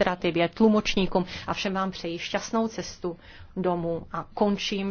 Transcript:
administrativě, tlumočníkům a všem vám přeji šťastnou cestu domů a končím